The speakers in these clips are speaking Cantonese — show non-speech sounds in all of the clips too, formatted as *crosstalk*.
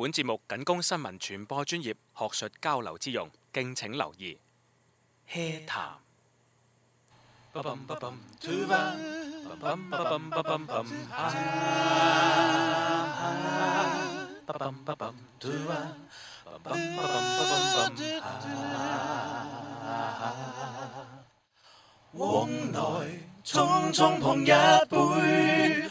本節目僅供新聞傳播專業學術交流之用，敬請留意。HEA 談。往來匆匆碰一杯。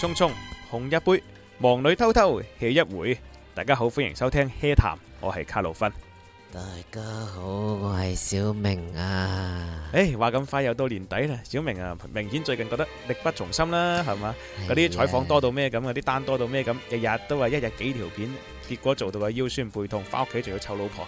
匆匆，紅一杯，忙裏偷偷喜一回。大家好，歡迎收聽《HEA 談》，我係卡路芬。大家好，我係小明啊。誒、哎，話咁快又到年底啦，小明啊，明顯最近覺得力不從心啦，係嘛？嗰啲採訪多到咩咁，嗰啲單多到咩咁，日日都話一日幾條片，結果做到個腰酸背痛，翻屋企仲要湊老婆。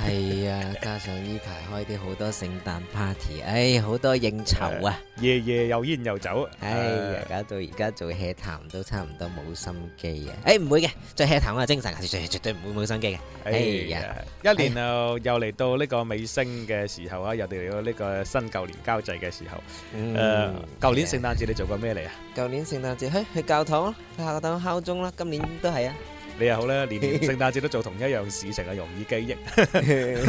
係 *laughs* 啊，加上呢排開啲好多聖誕 party，哎，好多應酬啊，夜夜又煙又酒啊，哎呀搞到，哎，而家到而家做 hea 談都差唔多冇心機啊，哎，唔會嘅，做 hea 談啊，精神，絕絕絕對唔會冇心機嘅，哎呀，啊、一年後又又嚟到呢個尾聲嘅時候啊，又嚟到呢個新舊年交際嘅時候，誒、哎呀，舊年聖誕節你做過咩嚟啊？舊年聖誕節去教堂，去喺教堂敲鐘啦，今年都係啊。你又好啦，年年聖誕節都做同一樣事情啊，容易記憶。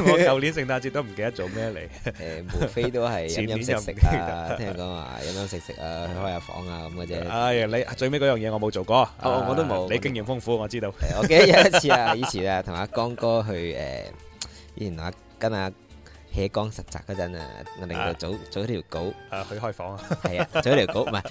我舊年聖誕節都唔記得做咩嚟。誒，無非都係飲飲食食啊。聽人講話飲飲食食啊，去開下房啊咁嘅啫。哎呀，你最尾嗰樣嘢我冇做過。我都冇。你經驗豐富，我知道。我記得有一次啊，以前啊，同阿江哥去誒，以前同阿跟阿起江實習嗰陣啊，我另外組組條稿啊，去開房啊，係啊，組條稿唔係。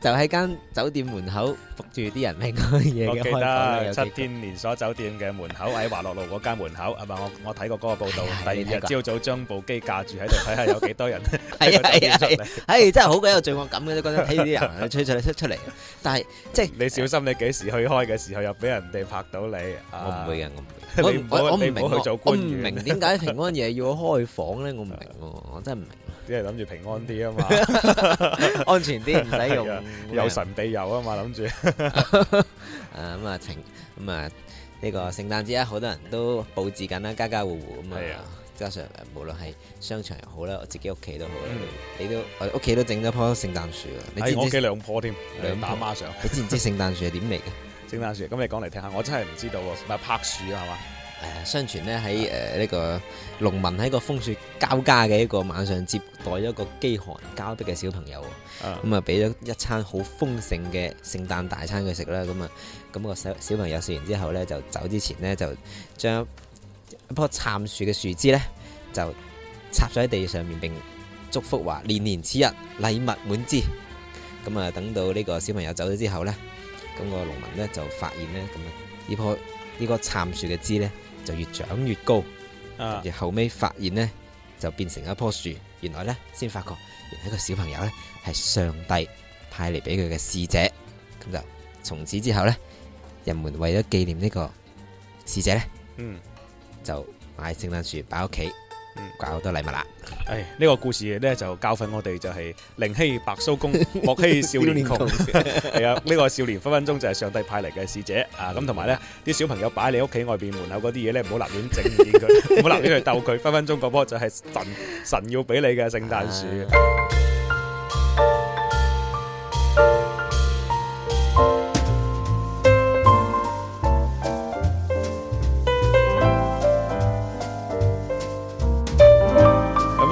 就喺間酒店門口伏住啲人平安夜嘅開房，我記得七天連鎖酒店嘅門口喺華樂路嗰間門口係咪？我我睇過嗰個報道，第二日朝早將部機架住喺度，睇下有幾多人。係啊係啊係，係真係好鬼有罪惡感嘅，都覺得睇啲人出出出出嚟。但係即係你小心，你幾時去開嘅時候又俾人哋拍到你。我唔會嘅，我唔會。我我唔明，我唔明點解平安夜要開房咧？我唔明，我真係唔明。啲係諗住平安啲啊嘛，安全啲唔使用有神庇佑啊嘛，諗住啊咁啊，情咁啊呢個聖誕節啊，好多人都佈置緊啦，家家戶戶咁啊，加上無論係商場又好啦，我自己屋企都好啦。你都我屋企都整咗棵聖誕樹喎，你我屋企兩棵添，兩打孖上。你知唔知聖誕樹係點嚟嘅？聖誕樹，咁你講嚟聽下，我真係唔知道喎，唔係柏樹係嘛？誒、呃，相傳咧喺誒呢，呃這個農民喺個風雪交加嘅一個晚上，接待咗一個飢寒交迫嘅小朋友，咁啊俾咗一餐好豐盛嘅聖誕大餐佢食啦，咁啊，咁，那個小小朋友食完之後咧，就走之前咧，就將一棵杉樹嘅樹枝咧，就插咗喺地上面，並祝福話年年此日禮物滿枝。咁啊，等到呢個小朋友走咗之後咧，咁，那個農民咧就發現咧，咁啊呢棵呢棵杉樹嘅枝咧。就越長越高，跟住後尾發現呢，就變成一棵樹。原來呢，先發覺原來一個小朋友呢，係上帝派嚟俾佢嘅使者。咁就從此之後呢，人們為咗紀念呢個使者呢，嗯，就買聖誕樹擺屋企。好多禮物啦！誒、哎，呢、這個故事咧就教訓我哋就係寧欺白鬚公，莫欺少年窮。係啊 *laughs* 窮，呢、 *laughs* 這個少年分分鐘就係上帝派嚟嘅使者 *laughs* 啊！咁同埋咧，啲小朋友擺喺你屋企外邊門口嗰啲嘢咧，唔好立亂整佢，唔好立亂去鬥佢，分分鐘嗰樖就係神神要俾你嘅聖誕樹。 *laughs*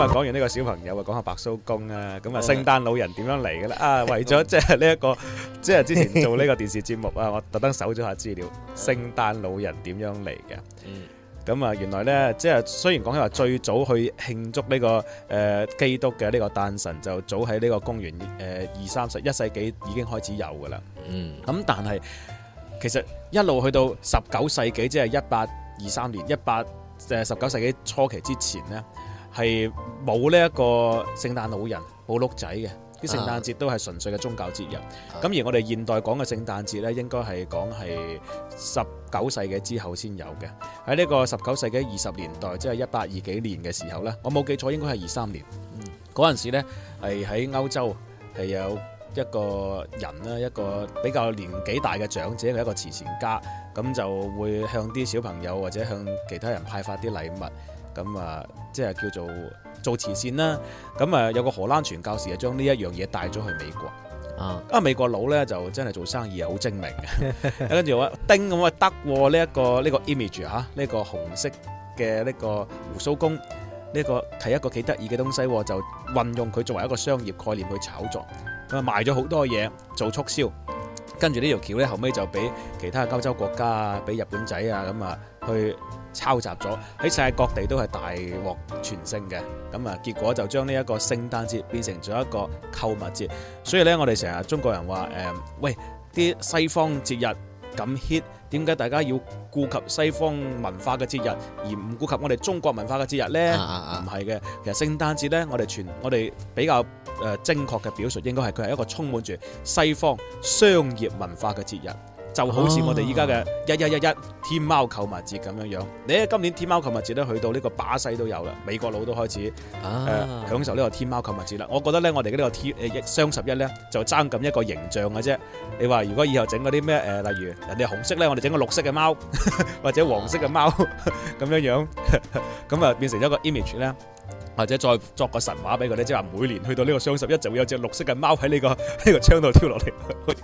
講完呢個小朋友，啊，講下白蘇公啊，咁啊，聖誕老人點樣嚟嘅啦？啊，為咗即係呢一個，即、就、係、是、之前做呢個電視節目啊， *laughs* 我特登搜咗下資料，聖誕老人點樣嚟嘅？嗯，咁啊，原來呢，即係雖然講起話最早去慶祝呢、這個誒、呃、基督嘅呢個誕辰，就早喺呢個公元誒、呃、二三十一世紀已經開始有噶啦。嗯，咁但係其實一路去到十九世紀，即係一八二三年、一八誒十九世紀初期之前呢。係冇呢一個聖誕老人、冇鹿仔嘅，啲聖誕節都係純粹嘅宗教節日。咁而我哋現代講嘅聖誕節咧，應該係講係十九世紀之後先有嘅。喺呢個十九世紀二十年代，即係一八二幾年嘅時候咧，我冇記錯，應該係二三年。嗯，嗰陣時咧係喺歐洲係有一個人啦，一個比較年紀大嘅長者嘅一個慈善家，咁就會向啲小朋友或者向其他人派發啲禮物。咁啊，即係叫做做慈善啦。咁啊，有個荷蘭傳教士啊，將呢一樣嘢帶咗去美國。啊，啊美國佬咧，就真係做生意啊，好精明。跟住話，叮咁啊，得呢一個呢個 image 吓，呢個紅色嘅呢個鬍鬚公呢個係一個幾得意嘅東西，我就運用佢作為一個商業概念去炒作，咁啊賣咗好多嘢做促銷。跟住呢條橋咧，後尾就俾其他歐洲國家啊，俾日本仔啊咁啊。去抄襲咗，喺世界各地都係大獲全勝嘅，咁啊結果就將呢一個聖誕節變成咗一個購物節，所以咧我哋成日中國人話誒、呃、喂啲西方節日咁 hit，點解大家要顧及西方文化嘅節日，而唔顧及我哋中國文化嘅節日咧？唔係嘅，其實聖誕節咧，我哋全我哋比較誒、呃、精確嘅表述應該係佢係一個充滿住西方商業文化嘅節日。就好似我哋依家嘅一一一一，天貓購物節咁樣樣。你今年天貓購物節咧，去到呢個巴西都有啦，美國佬都開始、啊呃、享受呢個天貓購物節啦。我覺得咧，我哋呢個天誒雙十一咧，就爭咁一個形象嘅啫。你話如果以後整嗰啲咩誒，例如人哋紅色咧，我哋整個綠色嘅貓，或者黃色嘅貓咁樣樣，咁啊變成咗個 image 咧，或者再作個神話俾佢咧，即係話每年去到呢個雙十一就會有隻綠色嘅貓喺呢個呢個窗度跳落嚟。呵呵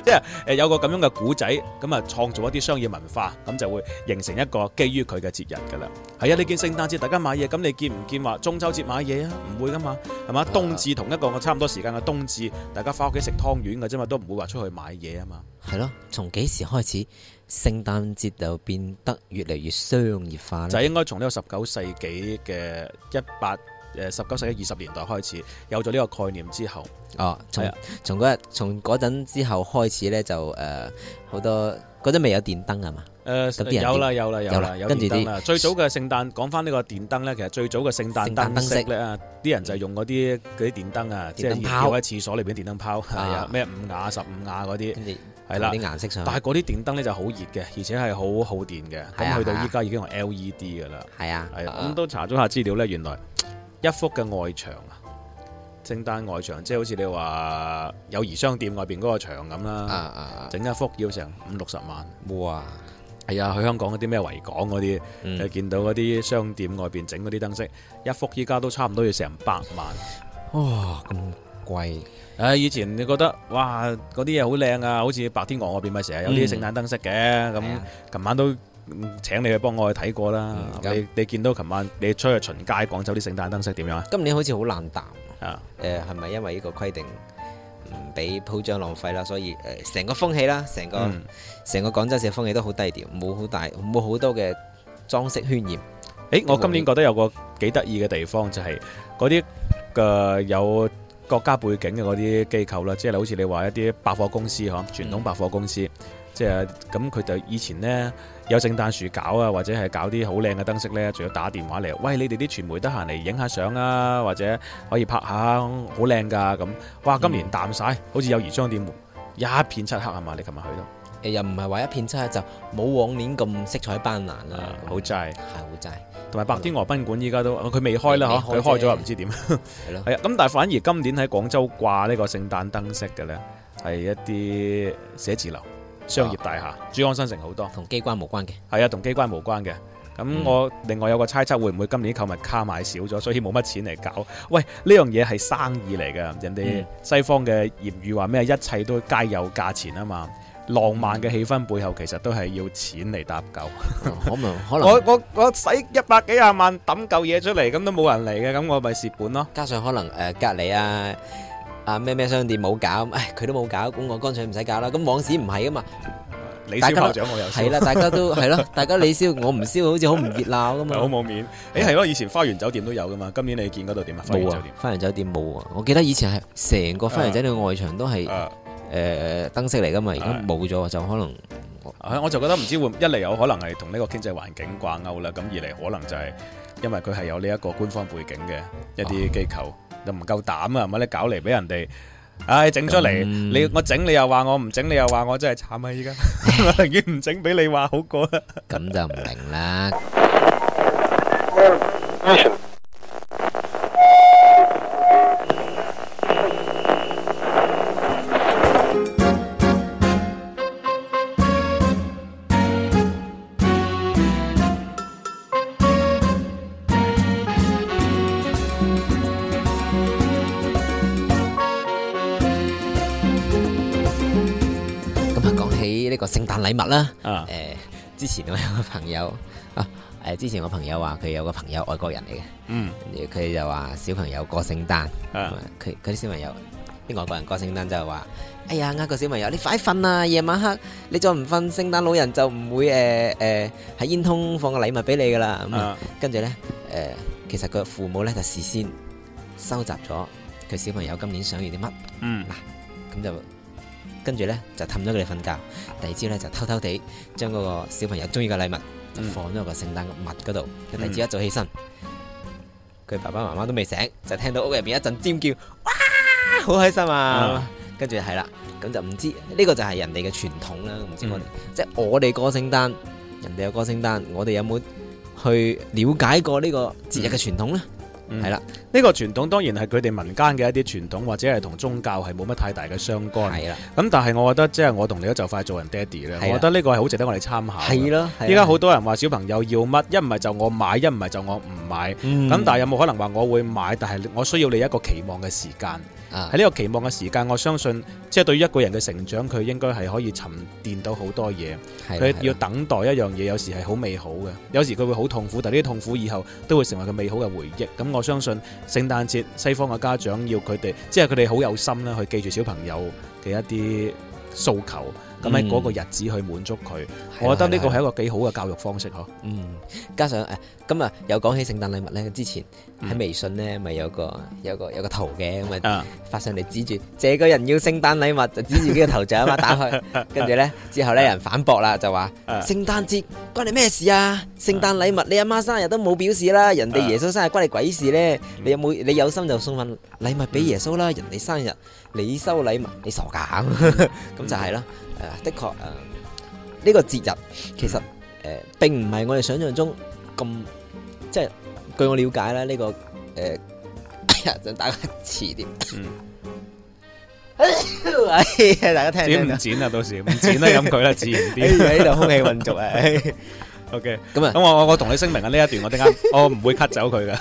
即係有個咁樣嘅古仔，咁啊，創造一啲商業文化，咁就會形成一個基於佢嘅節日噶啦。係啊，你見聖誕節大家買嘢，咁你見唔見話中秋節買嘢啊？唔會噶嘛，係嘛？的冬至同一個我差唔多時間嘅冬至，大家翻屋企食湯圓噶啫嘛，都唔會話出去買嘢啊嘛。係咯，從幾時開始聖誕節就變得越嚟越商業化呢？就應該從呢個十九世紀嘅一八。誒，十九世紀二十年代開始有咗呢個概念之後，哦，從從嗰日從嗰陣之後開始咧，就誒好多嗰陣未有電燈啊嘛，誒有啦有啦有啦，有電燈啦。最早嘅聖誕講翻呢個電燈咧，其實最早嘅聖誕燈飾咧，啲人就係用嗰啲啲電燈啊，即係喺廁所裏邊電燈泡，係啊，咩五瓦十五瓦嗰啲，係啦啲顏色上，但係嗰啲電燈咧就好熱嘅，而且係好耗電嘅。咁去到依家已經用 LED 噶啦，係啊，係咁都查咗下資料咧，原來。一幅嘅外牆啊，聖誕外牆，即係好似你話友誼商店外邊嗰個牆咁啦，啊啊，整一幅要成五六十萬，哇，係啊、哎，去香港嗰啲咩維港嗰啲，你、嗯、見到嗰啲商店外邊整嗰啲燈飾，嗯、一幅依家都差唔多要成百萬，哇、哦，咁貴，唉，以前你覺得，哇，嗰啲嘢好靚啊，好似白天鵝外邊咪成日有啲聖誕燈飾嘅，咁、嗯，琴晚都。請你去幫我去睇過啦，嗯，你你見到琴晚你出去巡街，廣州啲聖誕燈飾點樣啊？今年好似好冷淡係啊！誒，呃，係咪因為呢個規定唔俾鋪張浪費啦，所以誒，成，呃、個風氣啦，成個成，嗯、個廣州市嘅風氣都好低調，冇好大冇好多嘅裝飾渲染。誒，因為我今年覺得有個幾得意嘅地方就係嗰啲有國家背景嘅嗰啲機構啦，即係好似你話一啲百貨公司嗬，傳統百貨公司。即係咁，佢哋以前呢，有聖誕樹搞啊，或者係搞啲好靚嘅燈飾呢，仲要打電話嚟，喂，你哋啲傳媒得閒嚟影下相啊，或者可以拍下，好靚㗎咁。哇！今年淡晒，好似友誼商店門、嗯、一片漆黑係嘛？你琴日去到又唔係話一片漆黑就冇往年咁色彩斑斕啦。好滯、嗯，係好滯。同埋的的白天鵝賓館依家都佢未、嗯啊、開啦佢開咗又唔知點了。係咯， *laughs* 係啊。咁但係反而今年喺廣州掛呢個聖誕燈飾嘅呢，係一啲寫字樓。商業大廈、哦、珠江新城好多，同機關無關嘅。係啊，同機關無關嘅。咁我另外有個猜測，會唔會今年購物卡買少咗，所以冇乜錢嚟搞？喂，呢樣嘢係生意嚟嘅。人哋西方嘅諺語話咩？一切都皆有價錢啊嘛。浪漫嘅氣氛背後，其實都係要錢嚟搭救。可能可能 *laughs* 我我我使一百幾廿萬揼嚿嘢出嚟，咁都冇人嚟嘅，咁我咪蝕本咯。加上可能誒隔籬啊。咩咩、啊、商店冇搞，佢都冇搞，咁我乾脆唔使搞啦。咁往事唔係啊嘛，你燒炮仗我有也的，係啦， *laughs* 大家都係咯，大家你燒我唔燒，好似好唔熱鬧噶嘛，好冇 *laughs* 面。誒係咯，以前花園酒店都有噶嘛，今年你見嗰度點啊？冇啊，花園酒店冇啊。我記得以前係成個花園酒店的外牆都係誒燈飾嚟噶嘛，而家冇咗就可能，uh, 我就覺得唔知會一嚟有可能係同呢個經濟環境掛鈎啦，咁二嚟可能就係因為佢係有呢一個官方背景嘅一啲機構。Uh, 就唔夠膽啊！咪你搞嚟俾人哋，唉，整出嚟、嗯、你我整你又話我唔整你又話我真係慘啊！依家我寧願唔整俾你話好過啦，咁就唔明啦。禮物啦，誒、uh. 呃，之前我有個朋友啊，誒、呃，之前我朋友話佢有個朋友外國人嚟嘅，嗯，佢就話小朋友過聖誕，佢佢啲小朋友啲、這個、外國人過聖誕就話，哎呀，呃、那個小朋友你快瞓啦，啊，夜晚黑你再唔瞓，聖誕老人就唔會誒誒喺煙通放個禮物俾你噶啦，咁跟住咧，誒、uh. 呃，其實佢父母咧就事先收集咗佢小朋友今年想要啲乜，嗯、mm.，嗱，咁就。跟住咧就氹咗佢哋瞓覺，第二朝咧就偷偷地將嗰個小朋友中意嘅禮物，嗯，就放咗喺個聖誕物嗰度，跟住，嗯，第二朝一早起身，佢爸爸媽媽都未醒，就聽到屋入邊一陣尖叫，哇，好開心啊！嗯，跟住係啦，咁就唔知呢、呢個就係人哋嘅傳統啦，唔知我哋，嗯，即係我哋過聖誕，人哋有過聖誕，我哋有冇去了解過呢個節日嘅傳統咧？嗯係啦，呢、嗯、了個傳統當然係佢哋民間嘅一啲傳統，或者係同宗教係冇乜太大嘅相干。係啦了，咁但係我覺得即係我同你都就快做人爹哋啦，了我覺得呢個係好值得我哋參考。係咯，依家好多人話小朋友要乜，一唔係就我買，一唔係就我唔買。咁、嗯、但係有冇可能話我會買，但係我需要你一個期望嘅時間？喺呢個期望嘅時間，我相信即係對於一個人嘅成長，佢應該係可以沉澱到好多嘢。佢的要等待一樣嘢的，有時係好美好嘅，有時佢會好痛苦，但係呢啲痛苦以後都會成為佢美好嘅回憶。咁我相信聖誕節西方嘅家長要佢哋，即係佢哋好有心啦，去記住小朋友嘅一啲訴求。咁喺嗰個日子去滿足佢，我覺得呢個係一個幾好嘅教育方式嗬。嗯，加上誒，今日又講起聖誕禮物咧。之前喺微信咧，咪有個有個有個圖嘅咁啊，發上嚟指住，借個人要聖誕禮物就指住幾個頭像啊嘛，打開，跟住咧之後咧人反駁啦，就話聖誕節關你咩事啊？聖誕禮物你阿媽生日都冇表示啦，人哋耶穌生日關你鬼事咧。你有冇你有心就送份禮物俾耶穌啦，人哋生日你收禮物你傻噶，咁就係啦。誒，的確誒，呢個節日其實誒，並唔係我哋想象中咁，即係據我了解咧，呢個誒，啊，等大家遲啲，哎呀，大家聽唔聽？剪唔剪啊？到時唔剪啦，飲佢啦，自然啲。呢度空氣混濁啊。O K，咁啊，咁我我我同你聲明啊，呢一段我得啱，我唔會 cut 走佢噶。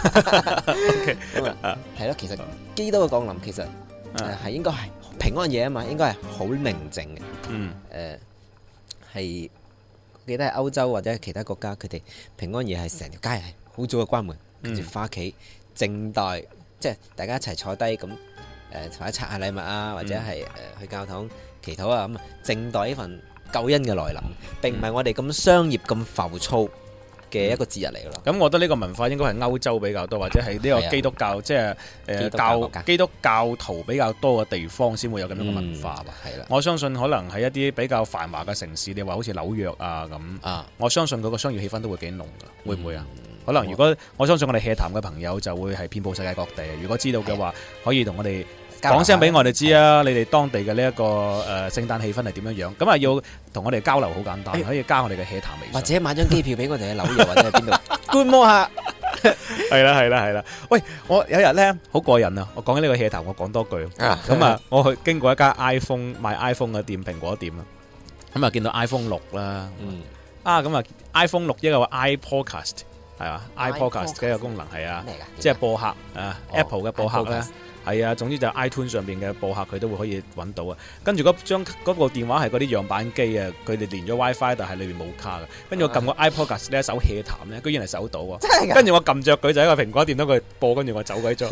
O K，咁啊，係咯，其實基督嘅降臨其實。誒，係、啊、應該係平安夜啊嘛，應該係好寧靜嘅。嗯，誒、呃，係記得係歐洲或者係其他國家，佢哋平安夜係成條街係好早嘅關門，跟住翻屋企靜待，即係大家一齊坐低咁，誒、呃，或者拆下禮物啊，或者係誒、呃、去教堂祈禱啊，咁靜待呢份救恩嘅來臨，並唔係我哋咁商業咁浮躁。嘅一個節日嚟嘅咯，咁我覺得呢個文化應該係歐洲比較多，或者係呢個基督教，即係誒教基督教徒比較多嘅地方先會有咁樣嘅文化吧。係啦，我相信可能係一啲比較繁華嘅城市，你話好似紐約啊咁啊，我相信嗰個商業氣氛都會幾濃嘅，會唔會啊？可能如果我相信我哋 HEA 談嘅朋友就會係遍佈世界各地。如果知道嘅話，可以同我哋。講聲俾我哋知啊！你哋當地嘅呢一個誒聖誕氣氛係點樣樣？咁啊要同我哋交流好簡單，可以加我哋嘅 hea 談，或者買張機票俾我哋喺紐約揾或者喺邊度觀摩下。係啦係啦係啦！喂，我有日咧好過癮啊！我講緊呢個 hea 談，我講多句。咁啊，我去經過一間 iPhone 賣 iPhone 嘅店，蘋果店啦。咁、嗯、啊，見到 iPhone 六啦。啊，咁啊 iPhone 六一個 iPodcast 係啊 iPodcast 嘅一個功能係啊，即係播客、oh, Apple 嘅播客咧。i Podcast. 係啊，總之就 iTunes 上邊嘅播客佢都會可以揾到啊。跟住嗰張嗰部電話係嗰啲樣板機啊，佢哋連咗 WiFi，但係裏邊冇卡嘅。跟住我撳個 iPodcast 呢一首 HEA 談居然係搜到啊。跟住我撳着佢就喺個蘋果電腦佢播，跟住我走鬼咗。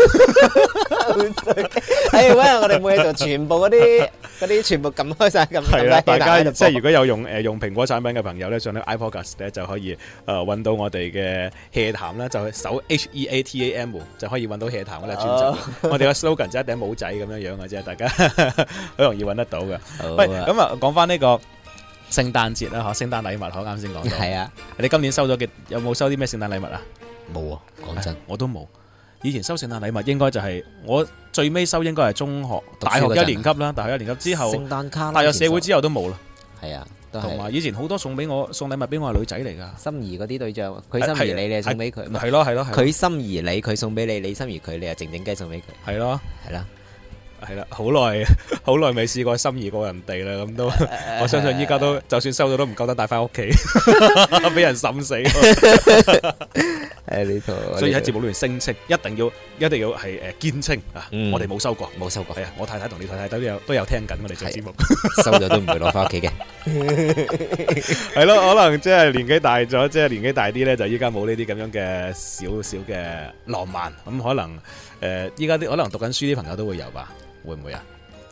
係咩？我哋冇嘢做，全部嗰啲嗰啲全部撳開晒。撳大家即係如果有用誒用蘋果產品嘅朋友咧，上啲 iPodcast 就可以誒揾到我哋嘅 HEA 談啦，就去搜 H-E-A-T-A-M 就可以揾到 HEA 談我哋 Logan 就一頂帽仔咁樣樣嘅啫，大家好容易揾得到嘅。喂，咁啊，講翻呢個聖誕節啦，吓，聖誕禮物，我啱先講到，係啊，你今年收咗嘅有冇收啲咩聖誕禮物沒啊？冇啊，講真、哎，我都冇。以前收聖誕禮物應該、就係，應該就係我最尾收，應該係中學、大學一年級啦。大學一年級之後，聖誕卡，踏入社會之後都冇啦。係啊，同埋以前好多送俾我送禮物俾我係女仔嚟噶，心儀嗰啲對象，佢心儀你，你送俾佢，係咯係咯，佢心儀你佢送俾你，你心儀佢你又靜靜雞送俾佢，係咯係啦，係啦，好耐好耐未試過心儀過人哋啦，咁都我相信依家都就算收到都唔夠膽帶翻屋企，俾人審死。誒，呢，所以喺節目裏面聲稱，一定要，一定要係誒堅稱啊，嗯、我哋冇收過，冇收過，係啊，我太太同你太太都有都有聽緊我哋做節目，收咗都唔會攞翻屋企嘅，係咯， *laughs* *laughs* 可能即係年紀大咗，即係年紀大啲咧，就依家冇呢啲咁樣嘅少少嘅浪漫，咁可能誒，依家啲可能讀緊書啲朋友都會有吧，會唔會啊？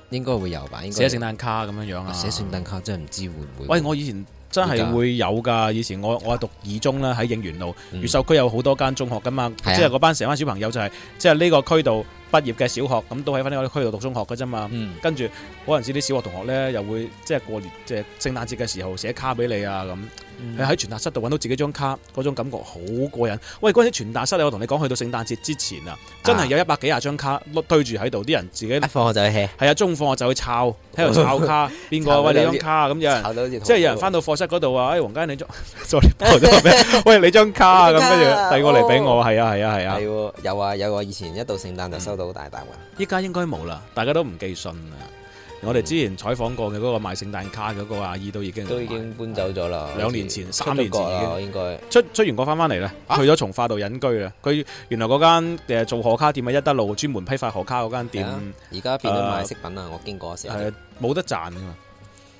應該會有吧，應該寫聖誕卡咁樣樣啊，寫聖誕卡真係唔知會唔會，喂，我以前。真係會有㗎！以前我我係讀二中啦，喺應元路，越、嗯、秀區有好多間中學噶嘛，即係嗰班成班小朋友就係即係呢個區度畢業嘅小學，咁都喺翻呢個區度讀中學㗎啫嘛。嗯、跟住嗰陣時啲小學同學咧，又會即係、就是、過年即係、就是、聖誕節嘅時候寫卡俾你啊咁。你喺傳達室度搵到自己張卡，嗰種感覺好過癮。喂，嗰啲傳達室，我同你講，去到聖誕節之前啊，真係有一百幾廿張卡攞堆住喺度，啲人自己放學就去 hea，係啊，中放學就去抄，喺度抄卡。邊個喂你張卡咁樣，即係有人翻到課室嗰度啊？哎，黃家你再再喂你張卡咁跟住遞過嚟俾我，係啊係啊係啊。有啊有啊，以前一到聖誕就收到大啖噶，依家應該冇啦，大家都唔寄信啊。我哋之前採訪過嘅嗰個賣聖誕卡嗰個阿姨都已經都已經搬走咗啦。兩年前、三年前應該出出完個翻翻嚟咧，去咗從化度隱居啦。佢原來嗰間誒做賀卡店嘅一德路，專門批發賀卡嗰間店，而家變咗賣飾品啦。我經過嗰時係冇得賺噶嘛，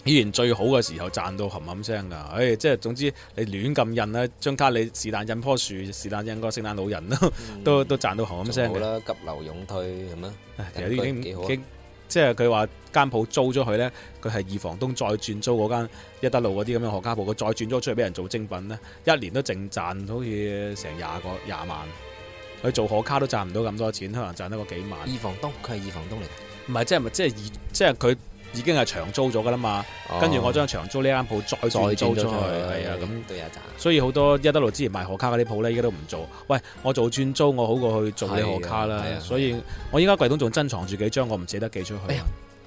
以前最好嘅時候賺到冚冚聲噶。誒，即係總之你亂咁印啦，張卡你是但印棵樹，是但印個聖誕老人都都賺到冚冚聲。好啦，急流勇退係咩？其實已經幾好即係佢話，間鋪租咗佢呢,佢係二房東再轉租嗰間一德路嗰啲咁嘅賀卡鋪，佢再轉租出去俾人做精品呢，一年都淨賺好似成廿個廿萬，佢做賀卡都賺唔到咁多錢，可能賺得個幾萬。二房東，佢係二房東嚟，唔係即係咪即係二即係佢。就是就是他已經係長租咗噶啦嘛，跟住我將長租呢間鋪再轉租出去，係啊咁，所以好多一德路之前賣賀卡嗰啲鋪咧，依家都唔做。喂，我做轉租，我好過去做啲賀卡啦。所以我依家櫃桶仲珍藏住幾張，我唔捨得寄出去。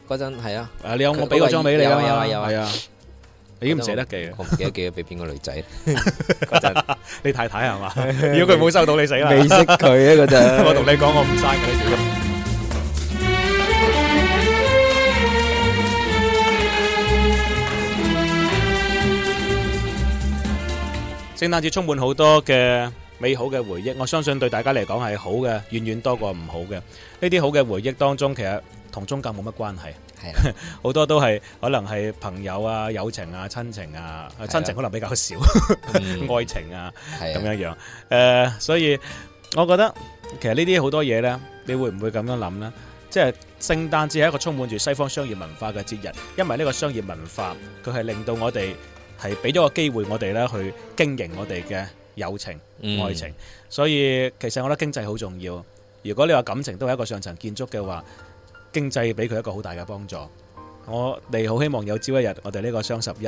嗰陣係啊，你有我俾個張俾你啊，有啊有啊，你唔捨得寄，我唔記得寄咗俾邊個女仔。嗰陣你太太係嘛？如果佢冇收到，你死啦！未識佢啊，嗰陣我同你講，我唔刪嘅。聖誕節充滿好多嘅美好嘅回憶，我相信對大家嚟講係好嘅，遠遠多過唔好嘅。呢啲好嘅回憶當中，其實同宗教冇乜關係，好係啊多都係可能係朋友啊、友情啊、親情啊，親係啊情可能比較少，係啊愛情啊咁樣係啊樣。誒、呃，所以我覺得其實呢啲好多嘢呢，你會唔會咁樣諗呢？即係聖誕節係一個充滿住西方商業文化嘅節日，因為呢個商業文化佢係令到我哋。係俾咗個機會我哋咧去經營我哋嘅友情、嗯、愛情，所以其實我覺得經濟好重要。如果你話感情都係一個上層建築嘅話，經濟俾佢一個好大嘅幫助。我哋好希望有朝一日我哋呢個雙十一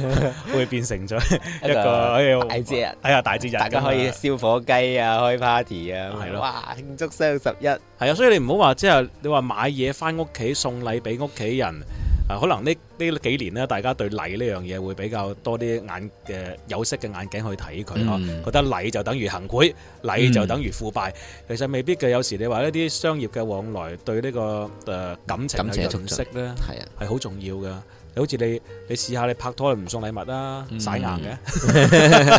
*laughs* 會變成咗一,一個大節日，哎、大，節日，大家可以燒火雞啊、開 party 啊，係咯，哇慶祝雙十一！係啊，所以你唔好話之後你話買嘢翻屋企送禮俾屋企人。啊，可能呢呢幾年咧，大家對禮呢樣嘢會比較多啲眼嘅、呃、有色嘅眼鏡去睇佢咯，覺得禮就等於行賄，禮就等於腐敗，嗯、其實未必嘅。有時你話一啲商業嘅往來對、這個，對呢個誒感情嘅重視咧，係啊，係好重要嘅。好似你你試下你拍拖唔送禮物啦、啊、晒、嗯、硬嘅，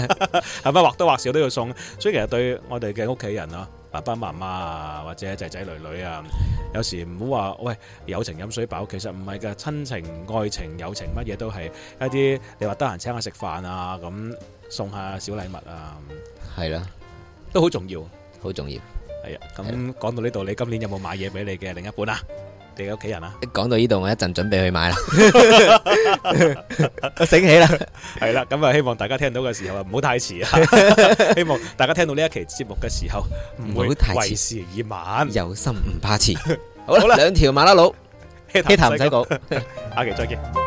係咪或多或少都要送？所以其實對我哋嘅屋企人啊～爸爸媽媽啊，或者仔仔女女啊，有時唔好話喂，友情飲水飽，其實唔係㗎，親情、愛情、友情乜嘢都係一啲你話得閒請我食飯啊，咁送下小禮物啊，係啦的，都好重要，好重要，係啊。咁講的到呢度，你今年有冇買嘢俾你嘅另一半啊？你屋企人啊？講到呢度，我一陣準備去買啦， *laughs* *laughs* 我醒起啦，係啦，咁、嗯、啊，希望大家聽到嘅時候唔好太遲啊！ *laughs* 希望大家聽到呢一期節目嘅時候唔會為時已晚，有心唔怕遲。 *laughs* 好,好啦，兩條馬拉佬，HEA 談唔使講， *laughs* 下期再見。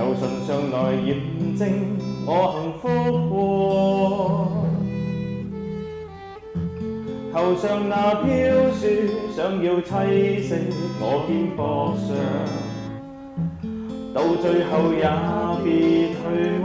由唇上來驗證我幸福過頭上那飄雪，想要棲息我肩膊上，到最後也別退卻。